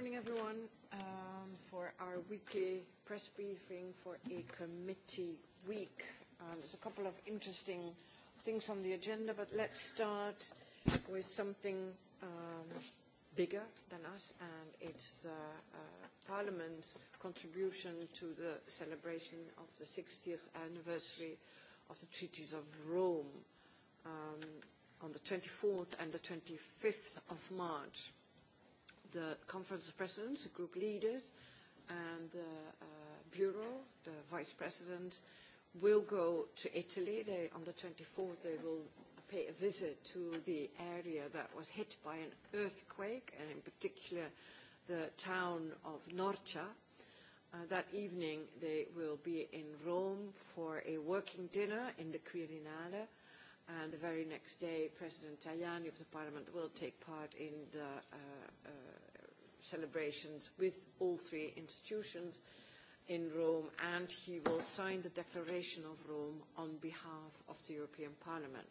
morning, everyone, um, for our weekly press briefing for a committee week. Uh, there's a couple of interesting things on the agenda, but let's start with something um, bigger than us, and it's uh, uh, Parliament's contribution to the celebration of the 60th anniversary of the Treaties of Rome um, on the 24th and the 25th of March the Conference of Presidents, group leaders, and the uh, uh, Bureau, the Vice President, will go to Italy. They, on the 24th, they will pay a visit to the area that was hit by an earthquake, and in particular, the town of Norcia. Uh, that evening, they will be in Rome for a working dinner in the Quirinale. Uh, and the very next day, President Tajani of the Parliament will take part in the uh, uh, celebrations with all three institutions in Rome, and he will sign the Declaration of Rome on behalf of the European Parliament.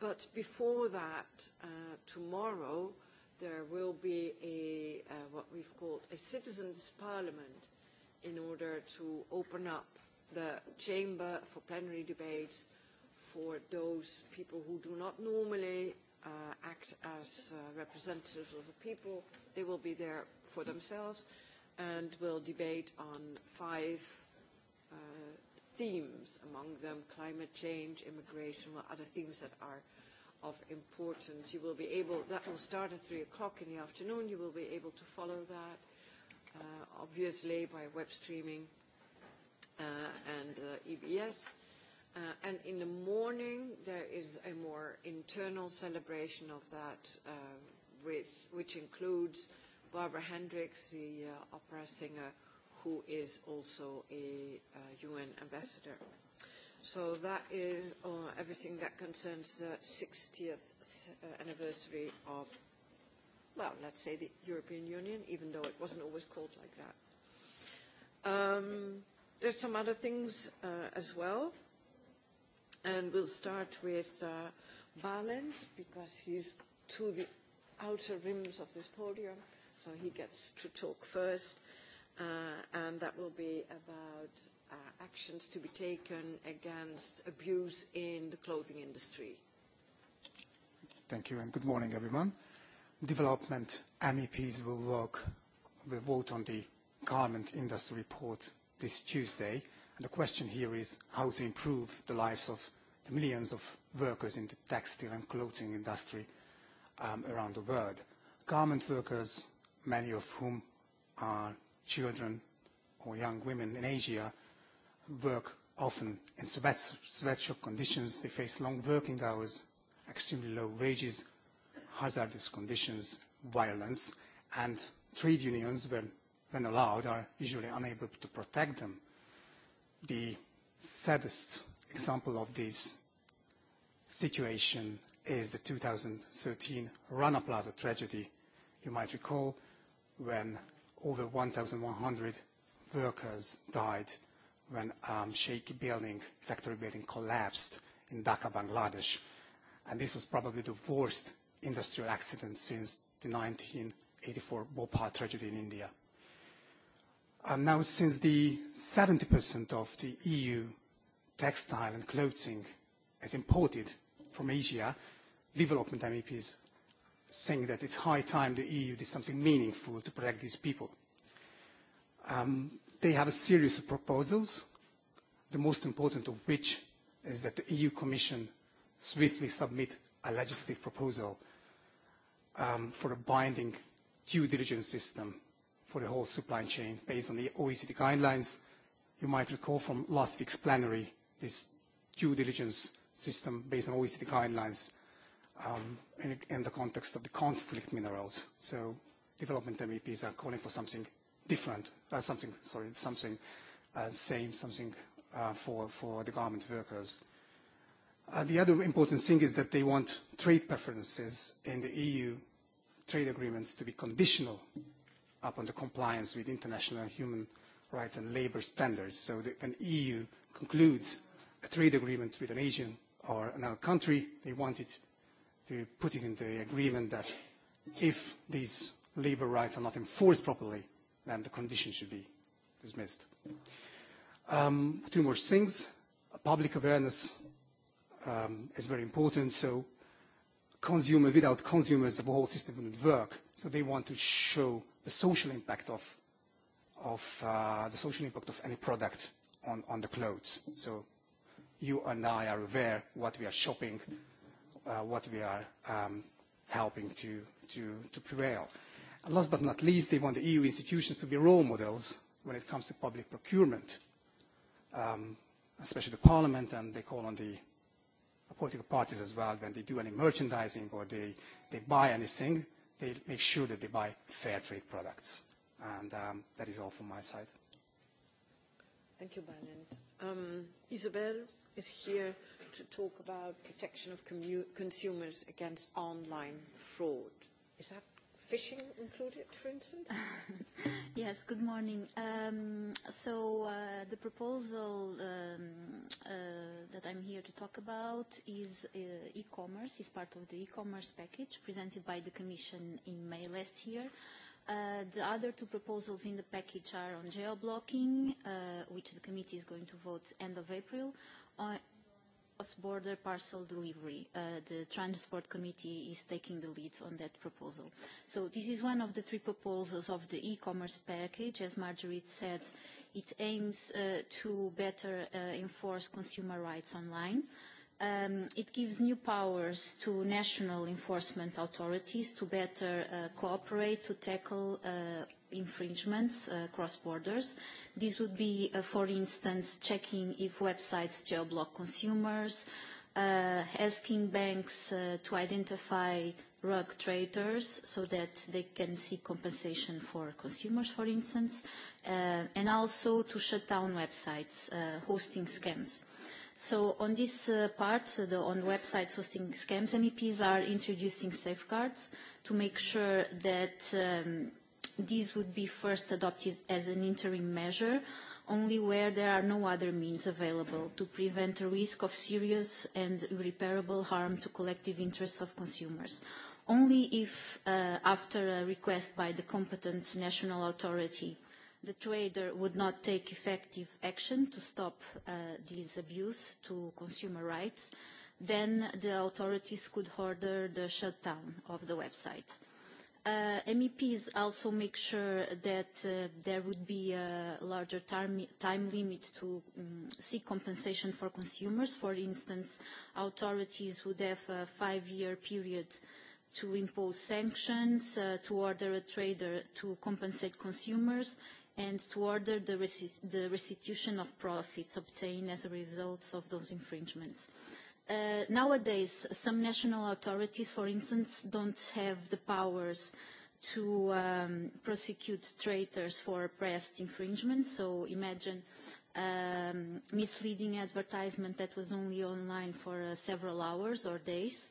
But before that, uh, tomorrow, there will be a, uh, what we've called a Citizens' Parliament in order to open up the chamber for plenary debates for those people who do not normally uh, act as uh, representatives of the people. They will be there for themselves and will debate on five uh, themes, among them climate change, immigration, or other things that are of importance. You will be able, that will start at 3 o'clock in the afternoon. You will be able to follow that, uh, obviously, by web streaming uh, and uh, EBS. Uh, and in the morning, there is a more internal celebration of that, uh, with, which includes Barbara Hendricks, the uh, opera singer, who is also a uh, UN ambassador. So that is uh, everything that concerns the 60th uh, anniversary of, well, let's say the European Union, even though it wasn't always called like that. Um, there's some other things uh, as well. And we'll start with uh, Balint because he's to the outer rims of this podium, so he gets to talk first. Uh, and that will be about uh, actions to be taken against abuse in the clothing industry. Thank you and good morning, everyone. Development MEPs will work, will vote on the garment industry report this Tuesday. The question here is how to improve the lives of the millions of workers in the textile and clothing industry um, around the world. Garment workers, many of whom are children or young women in Asia, work often in sweat, sweatshop conditions. They face long working hours, extremely low wages, hazardous conditions, violence, and trade unions, when, when allowed, are usually unable to protect them the saddest example of this situation is the 2013 Rana Plaza tragedy. You might recall when over 1,100 workers died when a um, shaky building, factory building collapsed in Dhaka, Bangladesh. And this was probably the worst industrial accident since the 1984 Bhopal tragedy in India. Um, now, since the 70% of the EU textile and clothing is imported from Asia, development MEPs saying that it's high time the EU did something meaningful to protect these people. Um, they have a series of proposals, the most important of which is that the EU Commission swiftly submit a legislative proposal um, for a binding due diligence system for the whole supply chain based on the OECD guidelines. You might recall from last week's plenary, this due diligence system based on OECD guidelines um, in, in the context of the conflict minerals. So development MEPs are calling for something different, uh, something, sorry, something uh, same, something uh, for, for the garment workers. Uh, the other important thing is that they want trade preferences in the EU trade agreements to be conditional up on the compliance with international human rights and labor standards. So the, when EU concludes a trade agreement with an Asian or another country, they wanted to put it in the agreement that if these labor rights are not enforced properly, then the conditions should be dismissed. Um, two more things. Public awareness um, is very important. So consumer, without consumers, the whole system wouldn't work. So they want to show the social impact of of uh, the social impact of any product on, on the clothes. So you and I are aware what we are shopping, uh, what we are um, helping to, to, to prevail. And last but not least, they want the EU institutions to be role models when it comes to public procurement, um, especially the parliament, and they call on the political parties as well when they do any merchandising or they, they buy anything they make sure that they buy fair trade products. And um, that is all from my side. Thank you, Bernard. Um Isabel is here to talk about protection of commu consumers against online fraud. Is that fishing included, for instance? yes, good morning. Um, so uh, the proposal um, uh, that I'm here to talk about is uh, e-commerce, is part of the e-commerce package presented by the Commission in May last year. Uh, the other two proposals in the package are on geo-blocking, uh, which the committee is going to vote end of April, uh, cross-border parcel delivery. Uh, the Transport Committee is taking the lead on that proposal. So this is one of the three proposals of the e-commerce package. As Marjorie said, it aims uh, to better uh, enforce consumer rights online. Um, it gives new powers to national enforcement authorities to better uh, cooperate to tackle uh, infringements uh, cross borders. This would be, uh, for instance, checking if websites geoblock consumers, uh, asking banks uh, to identify rug traders so that they can seek compensation for consumers, for instance, uh, and also to shut down websites uh, hosting scams. So on this uh, part, the, on websites hosting scams, MEPs are introducing safeguards to make sure that um, this would be first adopted as an interim measure only where there are no other means available to prevent a risk of serious and irreparable harm to collective interests of consumers. Only if, uh, after a request by the competent national authority, the trader would not take effective action to stop uh, this abuse to consumer rights, then the authorities could order the shutdown of the website. Uh, uh, MEPs also make sure that uh, there would be a larger time, time limit to um, seek compensation for consumers. For instance, authorities would have a five-year period to impose sanctions, uh, to order a trader to compensate consumers, and to order the, resi the restitution of profits obtained as a result of those infringements. Uh, uh, nowadays some national authorities, for instance, don't have the powers to um, prosecute traitors for press infringement. So imagine um, misleading advertisement that was only online for uh, several hours or days.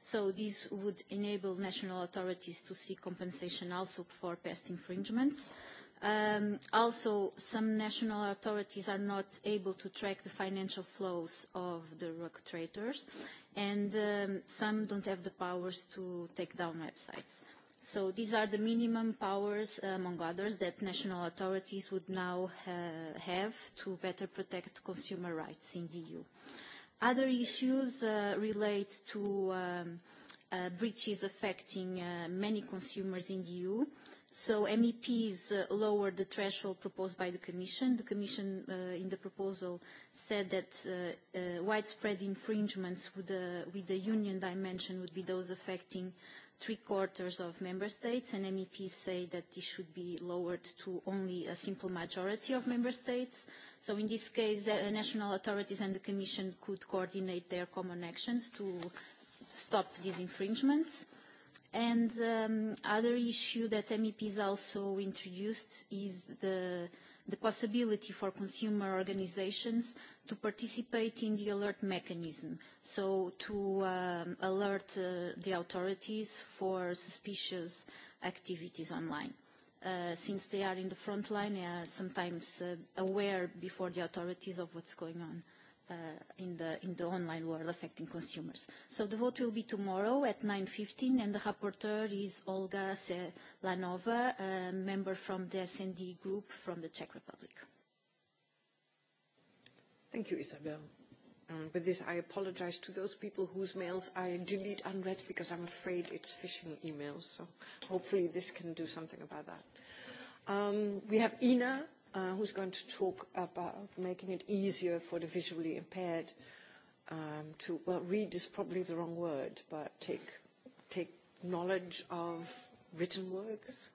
So this would enable national authorities to seek compensation also for past infringements. Mm -hmm. Um, also, some national authorities are not able to track the financial flows of the rug traders, and um, some don't have the powers to take down websites. So these are the minimum powers, uh, among others, that national authorities would now ha uh, have to better protect consumer rights in the EU. Other issues uh, relate to um, uh, breaches affecting uh, many consumers in the EU. Uh, So MEPs uh, lowered the threshold proposed by the Commission. The Commission uh, in the proposal said that uh, uh, widespread infringements with the, with the union dimension would be those affecting three quarters of member states and MEPs say that this should be lowered to only a simple majority of member states. So in this case, uh, national authorities and the Commission could coordinate their common actions to stop these infringements. Uh, And um, other issue that MEPs also introduced is the, the possibility for consumer organizations to participate in the alert mechanism. So to um, alert uh, the authorities for suspicious activities online. Uh, since they are in the front line, they are sometimes uh, aware before the authorities of what's going on uh, in, the, in the online world affecting consumers. So the vote will be tomorrow at 9.15, and the rapporteur is Olga Selanova, a member from the SND group from the Czech Republic. Thank you, Isabel. Um, with this, I apologize to those people whose mails I delete unread because I'm afraid it's phishing emails. So hopefully this can do something about that. Um, we have Ina uh, who's going to talk about making it easier for the visually impaired um, to, well, read is probably the wrong word, but take, take knowledge of written works.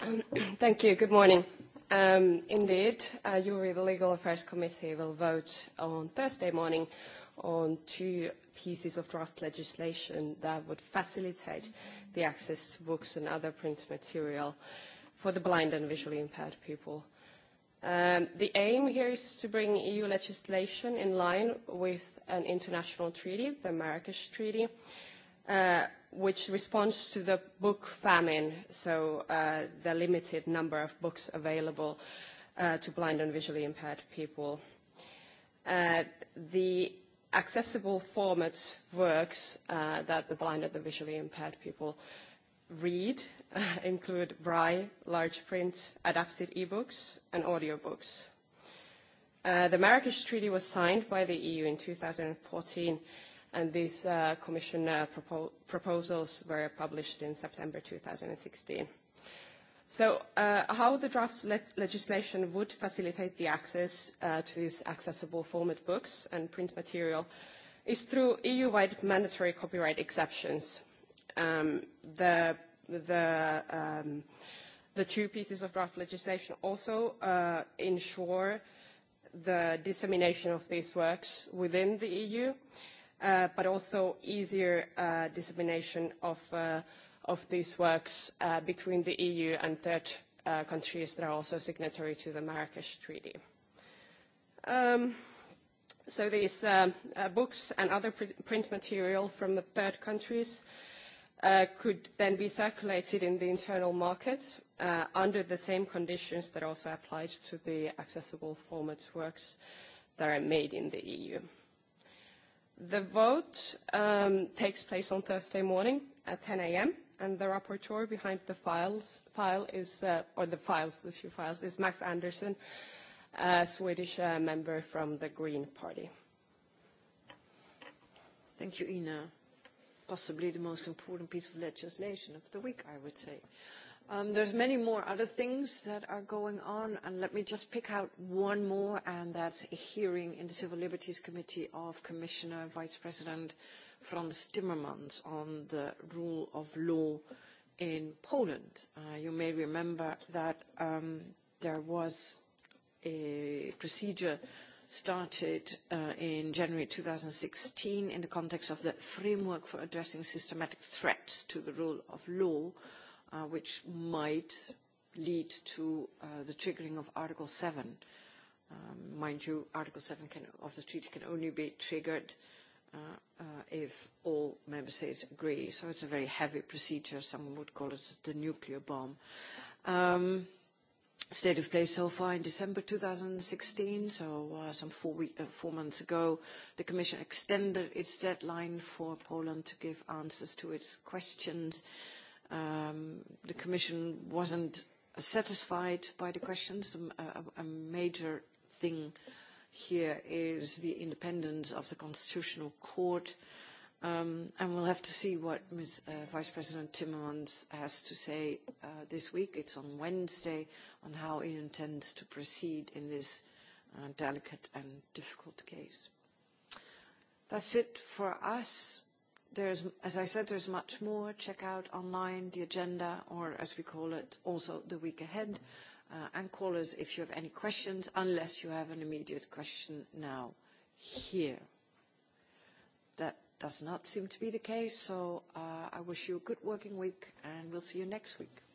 Um, thank you. Good morning. Um, indeed, uh, Yuri, the Legal Affairs Committee, will vote on Thursday morning on two pieces of draft legislation that would facilitate the access to books and other print material. Uh, for the blind and visually impaired people. Um, the aim here is to bring EU legislation in line with an international treaty, the Marrakesh Treaty, uh, which responds to the book famine, so uh, the limited number of books available uh, to blind and visually impaired people. Uh, the accessible format works uh, that the blind and the visually impaired people read include braille, large print, adapted e-books, and audiobooks. Uh, the Marrakesh Treaty was signed by the EU in 2014, and these uh, commission uh, propo proposals were published in September 2016. So uh, how the draft le legislation would facilitate the access uh, to these accessible format books and print material is through EU-wide mandatory copyright exceptions. Um, the the um, the two pieces of draft legislation also uh, ensure the dissemination of these works within the EU, uh, but also easier uh, dissemination of uh, of these works uh, between the EU and third uh, countries that are also signatory to the Marrakesh Treaty. Um, so these uh, uh, books and other pr- print material from the third countries uh, uh, could then be circulated in the internal market uh, under the same conditions that also applied to the accessible format works that are made in the EU. The vote um, takes place on Thursday morning at 10 a.m. and the rapporteur behind the files file is, uh, or the files, the two files, is Max Andersson, a Swedish uh, member from the Green Party. Thank you, Ina possibly the most important piece of legislation of the week, I would say. Um, there's many more other things that are going on, and let me just pick out one more, and that's a hearing in the Civil Liberties Committee of Commissioner Vice President Franz Timmermans on the rule of law in Poland. Uh, you may remember that um, there was a procedure uh, started uh, in January 2016 in the context of the Framework for Addressing Systematic Threats to the Rule of Law, uh, which might lead to uh, the triggering of Article 7. Um, mind you, Article 7 can, of the treaty can only be triggered uh, uh, if all member states agree. So it's a very heavy procedure. Some would call it the nuclear bomb. Um, state of play so far in December 2016, so uh, some four, week, uh, four months ago, the Commission extended its deadline for Poland to give answers to its questions. Um, the Commission wasn't satisfied by the questions. A, uh, a, a major thing here is the independence of the Constitutional Court. Uh, Um, and we'll have to see what Ms. Uh, Vice President Timmermans has to say uh, this week. It's on Wednesday on how he intends to proceed in this uh, delicate and difficult case. That's it for us. There's, as I said, there's much more. Check out online the agenda, or as we call it, also the week ahead. Uh, and call us if you have any questions, unless you have an immediate question now here does not seem to be the case, so uh, I wish you a good working week and we'll see you next week.